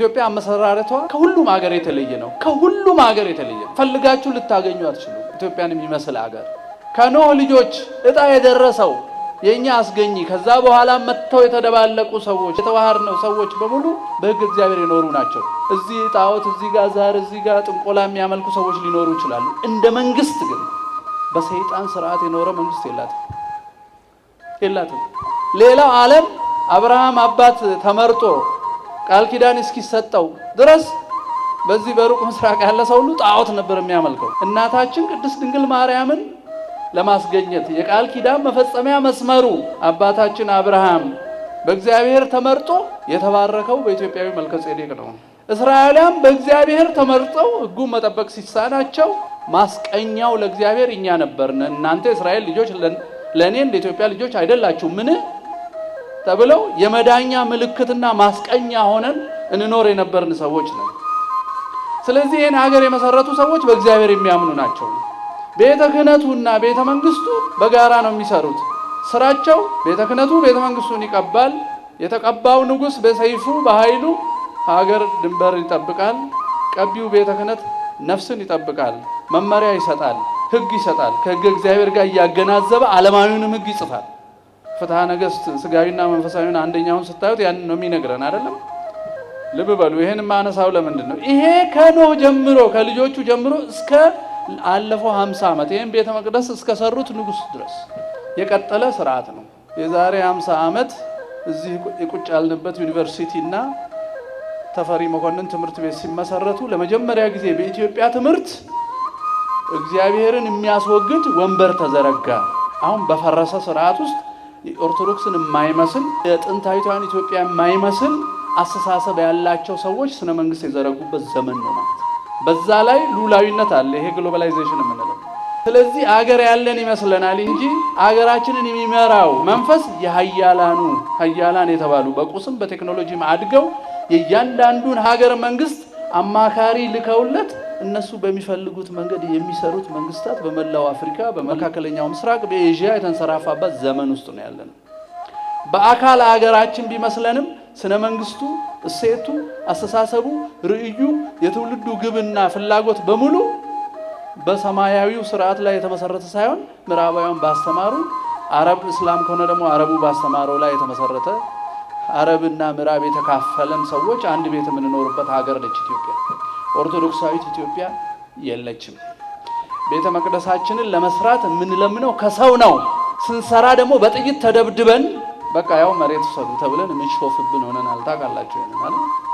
ኢትዮጵያ አመሰራረቷ ከሁሉም ሀገር የተለየ ነው። ከሁሉም ሀገር የተለየ ፈልጋችሁ ልታገኙ አትችሉ። ኢትዮጵያን የሚመስል ሀገር ከኖህ ልጆች እጣ የደረሰው የእኛ አስገኚ ከዛ በኋላ መጥተው የተደባለቁ ሰዎች የተባህርነው ሰዎች በሙሉ በሕግ እግዚአብሔር የኖሩ ናቸው። እዚህ ጣዖት፣ እዚህ ጋር ዛር፣ እዚህ ጋር ጥንቆላ የሚያመልኩ ሰዎች ሊኖሩ ይችላሉ። እንደ መንግስት ግን በሰይጣን ስርዓት የኖረ መንግስት የላትም የላትም። ሌላው ዓለም አብርሃም አባት ተመርጦ ቃል ኪዳን እስኪሰጠው ድረስ በዚህ በሩቅ ምስራቅ ያለ ሰው ሁሉ ጣዖት ነበር የሚያመልከው። እናታችን ቅድስት ድንግል ማርያምን ለማስገኘት የቃል ኪዳን መፈጸሚያ መስመሩ አባታችን አብርሃም በእግዚአብሔር ተመርጦ የተባረከው በኢትዮጵያዊ መልከጼዴቅ ነው። እስራኤላውያን በእግዚአብሔር ተመርጠው ሕጉን መጠበቅ ሲሳናቸው ማስቀኛው ለእግዚአብሔር እኛ ነበርን። እናንተ የእስራኤል ልጆች ለእኔ እንደ ኢትዮጵያ ልጆች አይደላችሁ ምን ተብለው የመዳኛ ምልክትና ማስቀኛ ሆነን እንኖር የነበርን ሰዎች ነው። ስለዚህ ይህን ሀገር የመሰረቱ ሰዎች በእግዚአብሔር የሚያምኑ ናቸው። ቤተ ክህነቱና ቤተ መንግስቱ በጋራ ነው የሚሰሩት። ስራቸው ቤተ ክህነቱ ቤተ መንግስቱን ይቀባል። የተቀባው ንጉሥ በሰይፉ በኃይሉ ሀገር ድንበር ይጠብቃል። ቀቢው ቤተ ክህነት ነፍስን ይጠብቃል። መመሪያ ይሰጣል፣ ህግ ይሰጣል። ከህገ እግዚአብሔር ጋር እያገናዘበ ዓለማዊውንም ህግ ይጽፋል። ፍትሐ ነገሥት ስጋዊና መንፈሳዊን አንደኛውን ስታዩት ያንን ነው የሚነግረን አይደለም። ልብ በሉ። ይሄን ማነሳው ለምንድን ነው? ይሄ ከኖህ ጀምሮ ከልጆቹ ጀምሮ እስከ አለፈው 50 ዓመት ይሄን ቤተ መቅደስ ሰሩት ንጉስ ድረስ የቀጠለ ስርዓት ነው። የዛሬ 50 ዓመት እዚህ የቁጭ ያልንበት ዩኒቨርሲቲና ተፈሪ መኮንን ትምህርት ቤት ሲመሰረቱ ለመጀመሪያ ጊዜ በኢትዮጵያ ትምህርት እግዚአብሔርን የሚያስወግድ ወንበር ተዘረጋ። አሁን በፈረሰ ስርዓት ውስጥ ኦርቶዶክስን የማይመስል የጥንታዊቷን ኢትዮጵያ የማይመስል አስተሳሰብ ያላቸው ሰዎች ስነ መንግስት የዘረጉበት ዘመን ነው ማለት። በዛ ላይ ሉላዊነት አለ፣ ይሄ ግሎባላይዜሽን የምንለው። ስለዚህ አገር ያለን ይመስለናል እንጂ አገራችንን የሚመራው መንፈስ የሀያላኑ ሀያላን የተባሉ በቁስም በቴክኖሎጂም አድገው የእያንዳንዱን ሀገር መንግስት አማካሪ ልከውለት እነሱ በሚፈልጉት መንገድ የሚሰሩት መንግስታት በመላው አፍሪካ፣ በመካከለኛው ምስራቅ፣ በኤዥያ የተንሰራፋበት ዘመን ውስጥ ነው ያለነው። በአካል አገራችን ቢመስለንም ስነ መንግስቱ፣ እሴቱ፣ አስተሳሰቡ፣ ርእዩ፣ የትውልዱ ግብና ፍላጎት በሙሉ በሰማያዊው ስርዓት ላይ የተመሰረተ ሳይሆን ምዕራባውያን ባስተማሩ አረብ እስላም ከሆነ ደግሞ አረቡ ባስተማረው ላይ የተመሰረተ አረብና ምዕራብ የተካፈለን ሰዎች አንድ ቤት የምንኖርበት ሀገር ነች ኢትዮጵያ። ኦርቶዶክሳዊት ኢትዮጵያ የለችም። ቤተ መቅደሳችንን ለመስራት የምንለምነው ከሰው ነው። ስንሰራ ደግሞ በጥይት ተደብድበን በቃ ያው መሬት ሰዱ ተብለን የምንሾፍብን ሆነናል። ታውቃላችሁ ማለት